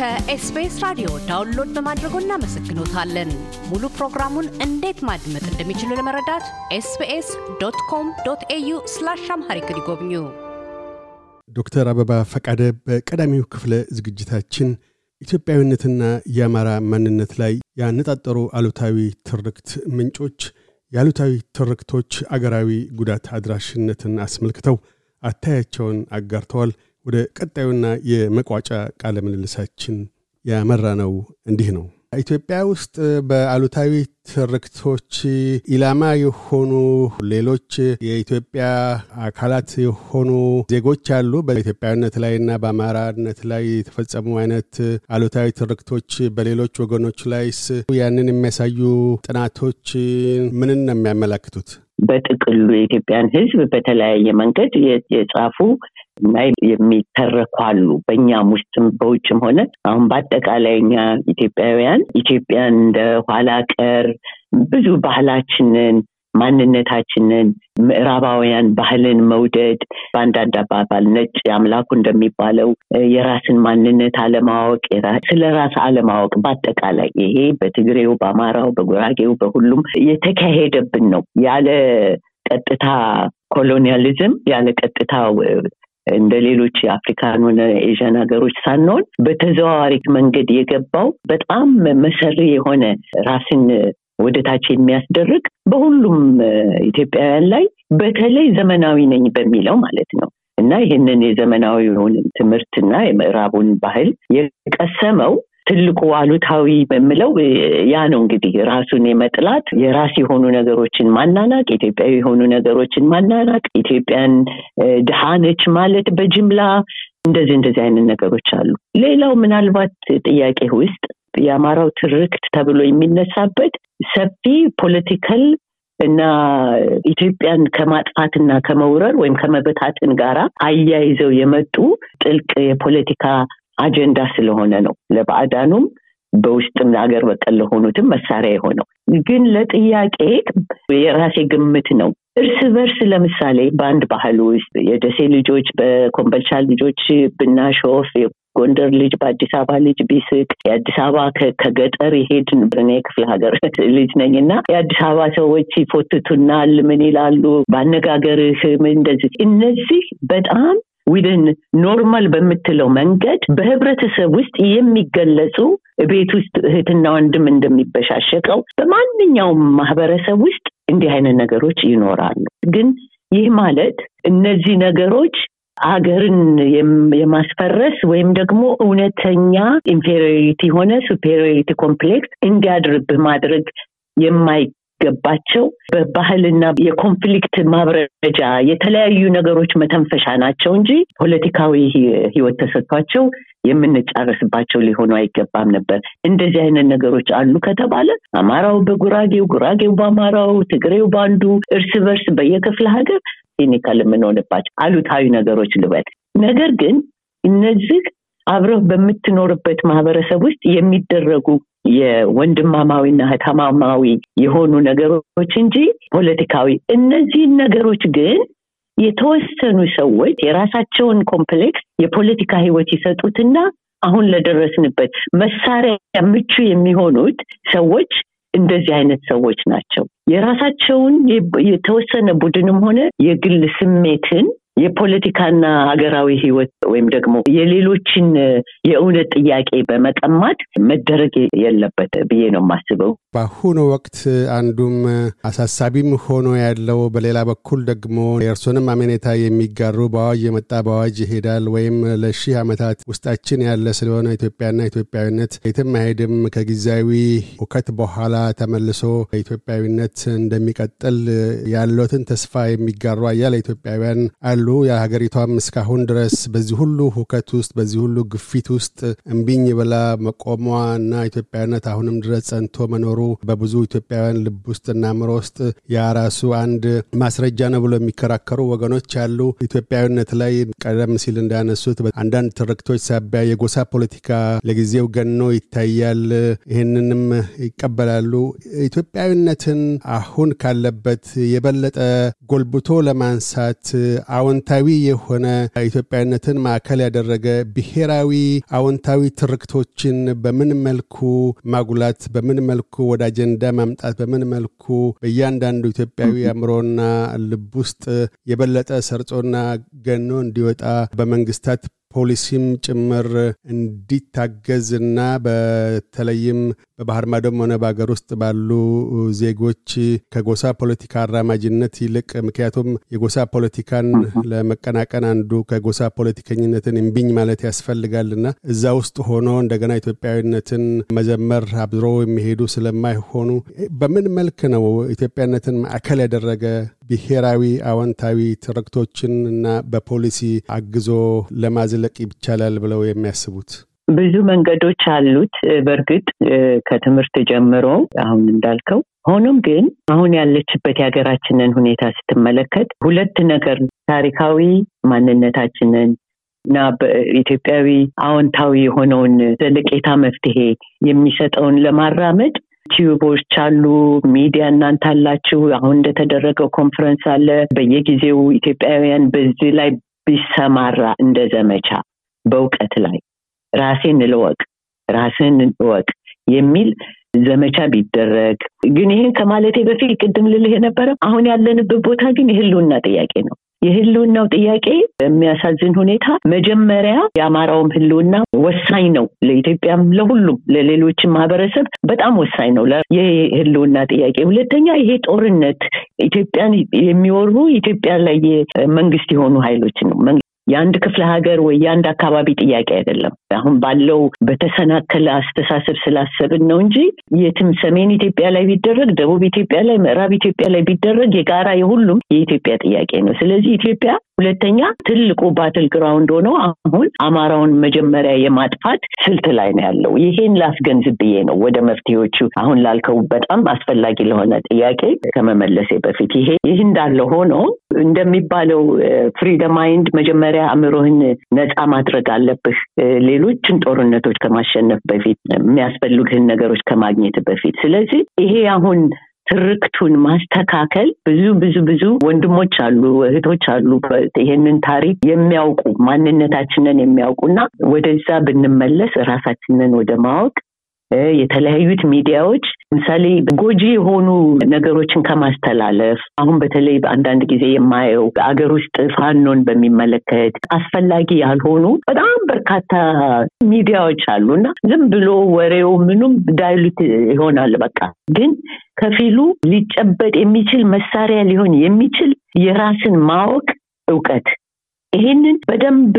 ከኤስቢኤስ ራዲዮ ዳውንሎድ በማድረጎ እናመሰግኖታለን። ሙሉ ፕሮግራሙን እንዴት ማድመጥ እንደሚችሉ ለመረዳት ኤስቢኤስ ዶት ኮም ዶት ኤዩ ስላሽ አምሃሪክ ይጎብኙ። ዶክተር አበባ ፈቃደ በቀዳሚው ክፍለ ዝግጅታችን ኢትዮጵያዊነትና የአማራ ማንነት ላይ ያነጣጠሩ አሉታዊ ትርክት ምንጮች፣ የአሉታዊ ትርክቶች አገራዊ ጉዳት አድራሽነትን አስመልክተው አታያቸውን አጋርተዋል። ወደ ቀጣዩና የመቋጫ ቃለ ምልልሳችን ያመራ ነው እንዲህ ነው። ኢትዮጵያ ውስጥ በአሉታዊ ትርክቶች ኢላማ የሆኑ ሌሎች የኢትዮጵያ አካላት የሆኑ ዜጎች አሉ። በኢትዮጵያዊነት ላይና በአማራነት ላይ የተፈጸሙ አይነት አሉታዊ ትርክቶች በሌሎች ወገኖች ላይስ ያንን የሚያሳዩ ጥናቶች ምንን ነው የሚያመላክቱት? በጥቅሉ የኢትዮጵያን ህዝብ በተለያየ መንገድ የጻፉ እና የሚተረኳሉ በእኛም ውስጥም በውጭም ሆነ አሁን በአጠቃላይ እኛ ኢትዮጵያውያን ኢትዮጵያን እንደ ኋላ ቀር ብዙ ባህላችንን ማንነታችንን፣ ምዕራባውያን ባህልን መውደድ፣ በአንዳንድ አባባል ነጭ አምላኩ እንደሚባለው የራስን ማንነት አለማወቅ፣ ስለ ራስ አለማወቅ በአጠቃላይ ይሄ በትግሬው፣ በአማራው፣ በጉራጌው፣ በሁሉም የተካሄደብን ነው ያለ ቀጥታ ኮሎኒያሊዝም ያለ ቀጥታ እንደ ሌሎች የአፍሪካን ሆነ ኤዥያን ሀገሮች ሳንሆን በተዘዋዋሪ መንገድ የገባው በጣም መሰሪ የሆነ ራስን ወደ ታች የሚያስደርግ በሁሉም ኢትዮጵያውያን ላይ በተለይ ዘመናዊ ነኝ በሚለው ማለት ነው እና ይህንን የዘመናዊውን ትምህርትና የምዕራቡን ባህል የቀሰመው ትልቁ አሉታዊ በምለው ያ ነው እንግዲህ ራሱን የመጥላት የራስ የሆኑ ነገሮችን ማናናቅ፣ ኢትዮጵያዊ የሆኑ ነገሮችን ማናናቅ፣ ኢትዮጵያን ድሃ ነች ማለት በጅምላ እንደዚህ እንደዚህ አይነት ነገሮች አሉ። ሌላው ምናልባት ጥያቄ ውስጥ የአማራው ትርክት ተብሎ የሚነሳበት ሰፊ ፖለቲካል እና ኢትዮጵያን ከማጥፋትና ከመውረር ወይም ከመበታትን ጋራ አያይዘው የመጡ ጥልቅ የፖለቲካ አጀንዳ ስለሆነ ነው ለባዕዳኑም በውስጥም ሀገር በቀል ለሆኑትም መሳሪያ የሆነው ግን ለጥያቄ የራሴ ግምት ነው እርስ በርስ ለምሳሌ በአንድ ባህል ውስጥ የደሴ ልጆች በኮምበልቻ ልጆች ብናሾፍ፣ ጎንደር ልጅ በአዲስ አበባ ልጅ ቢስቅ፣ የአዲስ አበባ ከገጠር ይሄድ ብርኔ ክፍለ ሀገር ልጅ ነኝ እና የአዲስ አበባ ሰዎች ይፎትቱናል። ምን ይላሉ? በአነጋገርህ እንደዚህ እነዚህ በጣም ዊድን ኖርማል በምትለው መንገድ በህብረተሰብ ውስጥ የሚገለጹ ቤት ውስጥ እህትና ወንድም እንደሚበሻሸቀው በማንኛውም ማህበረሰብ ውስጥ እንዲህ አይነት ነገሮች ይኖራሉ። ግን ይህ ማለት እነዚህ ነገሮች ሀገርን የማስፈረስ ወይም ደግሞ እውነተኛ ኢንፌሪዮሪቲ ሆነ ሱፔሪዮሪቲ ኮምፕሌክስ እንዲያድርብህ ማድረግ የማይ የሚገባቸው በባህልና የኮንፍሊክት ማብረጃ የተለያዩ ነገሮች መተንፈሻ ናቸው እንጂ ፖለቲካዊ ህይወት ተሰጥቷቸው የምንጫረስባቸው ሊሆኑ አይገባም ነበር። እንደዚህ አይነት ነገሮች አሉ ከተባለ አማራው በጉራጌው፣ ጉራጌው በአማራው፣ ትግሬው በአንዱ እርስ በርስ በየክፍለ ሀገር ሲኒካል የምንሆንባቸው አሉታዊ ነገሮች ልበል። ነገር ግን እነዚህ አብረህ በምትኖርበት ማህበረሰብ ውስጥ የሚደረጉ የወንድማማዊና ህታማማዊ የሆኑ ነገሮች እንጂ ፖለቲካዊ እነዚህን ነገሮች ግን የተወሰኑ ሰዎች የራሳቸውን ኮምፕሌክስ የፖለቲካ ህይወት ይሰጡትና አሁን ለደረስንበት መሳሪያ ምቹ የሚሆኑት ሰዎች እንደዚህ አይነት ሰዎች ናቸው። የራሳቸውን የተወሰነ ቡድንም ሆነ የግል ስሜትን የፖለቲካና ሀገራዊ ህይወት ወይም ደግሞ የሌሎችን የእውነት ጥያቄ በመቀማት መደረግ የለበት ብዬ ነው የማስበው። በአሁኑ ወቅት አንዱም አሳሳቢም ሆኖ ያለው በሌላ በኩል ደግሞ የእርሶንም አመኔታ የሚጋሩ በአዋጅ የመጣ በአዋጅ ይሄዳል ወይም ለሺህ ዓመታት ውስጣችን ያለ ስለሆነ ኢትዮጵያና ኢትዮጵያዊነት የትም አይሄድም፣ ከጊዜያዊ እውከት በኋላ ተመልሶ ኢትዮጵያዊነት እንደሚቀጥል ያለትን ተስፋ የሚጋሩ አያሌ ኢትዮጵያውያን አሉ። አሉ። የሀገሪቷም እስካሁን ድረስ በዚህ ሁሉ ሁከት ውስጥ በዚህ ሁሉ ግፊት ውስጥ እምቢኝ ብላ መቆሟ እና ኢትዮጵያዊነት አሁንም ድረስ ጸንቶ መኖሩ በብዙ ኢትዮጵያውያን ልብ ውስጥና አእምሮ ውስጥ የራሱ አንድ ማስረጃ ነው ብሎ የሚከራከሩ ወገኖች አሉ። ኢትዮጵያዊነት ላይ ቀደም ሲል እንዳነሱት አንዳንድ ትርክቶች ሳቢያ የጎሳ ፖለቲካ ለጊዜው ገኖ ይታያል። ይህንንም ይቀበላሉ። ኢትዮጵያዊነትን አሁን ካለበት የበለጠ ጎልብቶ ለማንሳት አሁን አዎንታዊ የሆነ ኢትዮጵያዊነትን ማዕከል ያደረገ ብሔራዊ አዎንታዊ ትርክቶችን በምን መልኩ ማጉላት፣ በምን መልኩ ወደ አጀንዳ ማምጣት፣ በምን መልኩ በእያንዳንዱ ኢትዮጵያዊ አእምሮና ልብ ውስጥ የበለጠ ሰርጾና ገኖ እንዲወጣ በመንግስታት ፖሊሲም ጭምር እንዲታገዝና በተለይም በባህር ማዶም ሆነ በሀገር ውስጥ ባሉ ዜጎች ከጎሳ ፖለቲካ አራማጅነት ይልቅ ምክንያቱም የጎሳ ፖለቲካን ለመቀናቀን አንዱ ከጎሳ ፖለቲከኝነትን እምቢኝ ማለት ያስፈልጋልና እዛ ውስጥ ሆኖ እንደገና ኢትዮጵያዊነትን መዘመር አብዝሮ የሚሄዱ ስለማይሆኑ በምን መልክ ነው ኢትዮጵያነትን ማዕከል ያደረገ ብሔራዊ አዎንታዊ ትርክቶችን እና በፖሊሲ አግዞ ለማዝለቅ ይቻላል ብለው የሚያስቡት? ብዙ መንገዶች አሉት። በእርግጥ ከትምህርት ጀምሮ አሁን እንዳልከው ሆኖም ግን አሁን ያለችበት የሀገራችንን ሁኔታ ስትመለከት ሁለት ነገር ታሪካዊ ማንነታችንን እና በኢትዮጵያዊ አዎንታዊ የሆነውን ዘለቄታ መፍትሄ የሚሰጠውን ለማራመድ ቲዩቦች አሉ፣ ሚዲያ እናንተ አላችሁ። አሁን እንደተደረገው ኮንፈረንስ አለ። በየጊዜው ኢትዮጵያውያን በዚህ ላይ ቢሰማራ እንደ ዘመቻ በእውቀት ላይ ራሴን ልወቅ ራስን እወቅ የሚል ዘመቻ ቢደረግ ግን ይህን ከማለቴ በፊት ቅድም ልልህ የነበረ አሁን ያለንበት ቦታ ግን የህልውና ጥያቄ ነው። የህልውናው ጥያቄ የሚያሳዝን ሁኔታ መጀመሪያ የአማራውም ህልውና ወሳኝ ነው። ለኢትዮጵያም፣ ለሁሉም ለሌሎችም ማህበረሰብ በጣም ወሳኝ ነው ይህ ህልውና ጥያቄ። ሁለተኛ ይሄ ጦርነት ኢትዮጵያን የሚወሩ ኢትዮጵያ ላይ መንግስት የሆኑ ሀይሎች ነው የአንድ ክፍለ ሀገር ወይ የአንድ አካባቢ ጥያቄ አይደለም። አሁን ባለው በተሰናከለ አስተሳሰብ ስላሰብን ነው እንጂ የትም ሰሜን ኢትዮጵያ ላይ ቢደረግ፣ ደቡብ ኢትዮጵያ ላይ፣ ምዕራብ ኢትዮጵያ ላይ ቢደረግ የጋራ የሁሉም የኢትዮጵያ ጥያቄ ነው። ስለዚህ ኢትዮጵያ ሁለተኛ ትልቁ ባትል ግራውንድ ሆኖ አሁን አማራውን መጀመሪያ የማጥፋት ስልት ላይ ነው ያለው። ይሄን ላስገንዝ ብዬ ነው ወደ መፍትሄዎቹ አሁን ላልከው በጣም አስፈላጊ ለሆነ ጥያቄ ከመመለሴ በፊት ይሄ ይህ እንዳለ ሆኖ እንደሚባለው ፍሪደም ማይንድ መጀመሪያ አእምሮህን ነፃ ማድረግ አለብህ። ሌሎችን ጦርነቶች ከማሸነፍ በፊት የሚያስፈልግህን ነገሮች ከማግኘት በፊት ስለዚህ ይሄ አሁን ትርክቱን ማስተካከል ብዙ ብዙ ብዙ ወንድሞች አሉ፣ እህቶች አሉ ይህንን ታሪክ የሚያውቁ ማንነታችንን የሚያውቁና ወደዛ ብንመለስ ራሳችንን ወደ ማወቅ የተለያዩት ሚዲያዎች ለምሳሌ ጎጂ የሆኑ ነገሮችን ከማስተላለፍ አሁን በተለይ በአንዳንድ ጊዜ የማየው አገር ውስጥ ፋኖን በሚመለከት አስፈላጊ ያልሆኑ በጣም በርካታ ሚዲያዎች አሉ እና ዝም ብሎ ወሬው ምኑም ዳይሉት ይሆናል። በቃ ግን ከፊሉ ሊጨበጥ የሚችል መሳሪያ ሊሆን የሚችል የራስን ማወቅ እውቀት ይሄንን በደንብ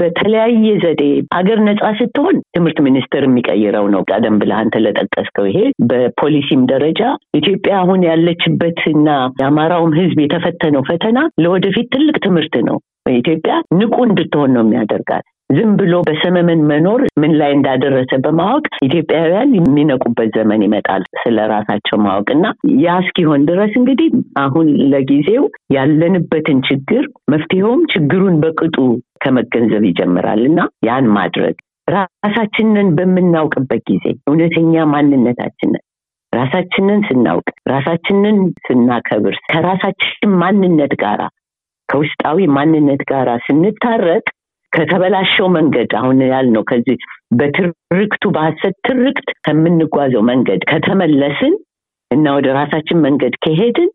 በተለያየ ዘዴ ሀገር ነጻ ስትሆን ትምህርት ሚኒስቴር የሚቀይረው ነው። ቀደም ብለህ አንተ ለጠቀስከው ይሄ በፖሊሲም ደረጃ ኢትዮጵያ አሁን ያለችበትና የአማራውም ሕዝብ የተፈተነው ፈተና ለወደፊት ትልቅ ትምህርት ነው። በኢትዮጵያ ንቁ እንድትሆን ነው የሚያደርጋል። ዝም ብሎ በሰመመን መኖር ምን ላይ እንዳደረሰ በማወቅ ኢትዮጵያውያን የሚነቁበት ዘመን ይመጣል። ስለ ራሳቸው ማወቅ እና ያ እስኪሆን ድረስ እንግዲህ አሁን ለጊዜው ያለንበትን ችግር መፍትሄውም ችግሩን በቅጡ ከመገንዘብ ይጀምራል እና ያን ማድረግ ራሳችንን በምናውቅበት ጊዜ እውነተኛ ማንነታችንን ራሳችንን ስናውቅ ራሳችንን ስናከብር ከራሳችን ማንነት ጋራ ከውስጣዊ ማንነት ጋራ ስንታረቅ ከተበላሸው መንገድ አሁን ያልነው ከዚህ በትርክቱ በሀሰት ትርክት ከምንጓዘው መንገድ ከተመለስን እና ወደ ራሳችን መንገድ ከሄድን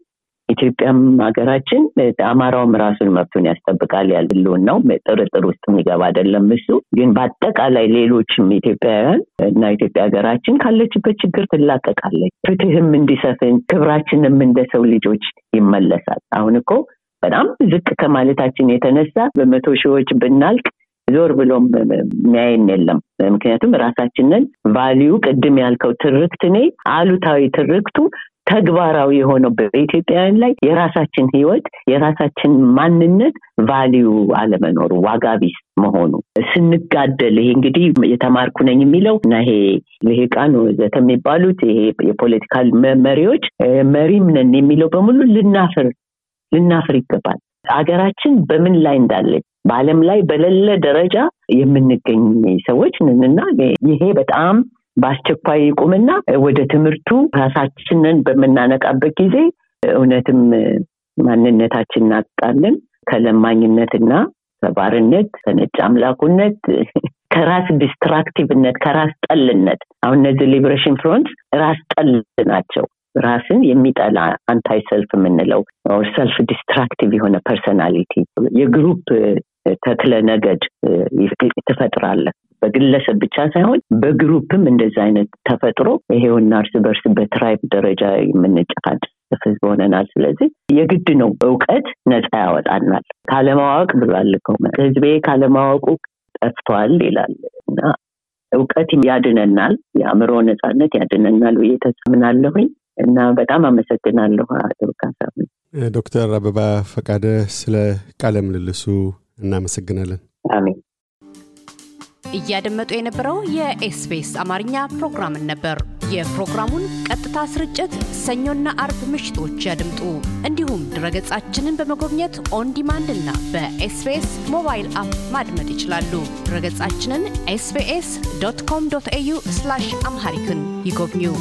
ኢትዮጵያም ሀገራችን አማራውም ራሱን መብቱን ያስጠብቃል ያልብሉን ነው ጥርጥር ውስጥ የሚገባ አይደለም እሱ ግን በአጠቃላይ ሌሎችም ኢትዮጵያውያን እና ኢትዮጵያ ሀገራችን ካለችበት ችግር ትላቀቃለች ፍትህም እንዲሰፍን ክብራችንም እንደ ሰው ልጆች ይመለሳል አሁን እኮ በጣም ዝቅ ከማለታችን የተነሳ በመቶ ሺዎች ብናልቅ ዞር ብሎም የሚያየን የለም። ምክንያቱም ራሳችንን ቫሊዩ ቅድም ያልከው ትርክት እኔ አሉታዊ ትርክቱ ተግባራዊ የሆነው በኢትዮጵያውያን ላይ የራሳችን ህይወት የራሳችን ማንነት ቫሊዩ አለመኖሩ ዋጋ ቢስ መሆኑ ስንጋደል ይሄ እንግዲህ የተማርኩ ነኝ የሚለው እና ይሄ ልሂቃን ወዘተ የሚባሉት ይሄ የፖለቲካል መሪዎች መሪም ነን የሚለው በሙሉ ልናፍር ልናፍር ይገባል። ሀገራችን በምን ላይ እንዳለች በአለም ላይ በሌለ ደረጃ የምንገኝ ሰዎች ንንና ይሄ በጣም በአስቸኳይ ይቁምና ወደ ትምህርቱ ራሳችንን በምናነቃበት ጊዜ እውነትም ማንነታችን እናጣለን። ከለማኝነትና ከባርነት ከነጭ አምላኩነት ከራስ ዲስትራክቲቭነት ከራስ ጠልነት አሁን እነዚህ ሊብሬሽን ፍሮንት ራስ ጠል ናቸው። ራስን የሚጠላ አንታይ ሰልፍ የምንለው ሰልፍ ዲስትራክቲቭ የሆነ ፐርሰናሊቲ የግሩፕ ተክለ ነገድ ትፈጥራለህ። በግለሰብ ብቻ ሳይሆን በግሩፕም እንደዚህ አይነት ተፈጥሮ ይሄውና እርስ በርስ በትራይብ ደረጃ የምንጨቃጨፍ ህዝብ ሆነናል። ስለዚህ የግድ ነው እውቀት ነፃ ያወጣናል። ካለማወቅ ብሏል ህዝቤ ካለማወቁ ጠፍቷል ይላል እና እውቀት ያድነናል፣ የአእምሮ ነፃነት ያድነናል ብዬ ተስምናለሁኝ። እና በጣም አመሰግናለሁ አቶ ካሳሁን። ዶክተር አበባ ፈቃደ ስለ ቃለ ምልልሱ እናመሰግናለን። አሜን። እያደመጡ የነበረው የኤስቢኤስ አማርኛ ፕሮግራምን ነበር። የፕሮግራሙን ቀጥታ ስርጭት ሰኞና አርብ ምሽቶች ያድምጡ። እንዲሁም ድረገጻችንን በመጎብኘት ኦን ዲማንድ እና በኤስቢኤስ ሞባይል አፕ ማድመጥ ይችላሉ። ድረገጻችንን ኤስቢኤስ ዶት ኮም ዶት ኤዩ አምሃሪክን ይጎብኙ።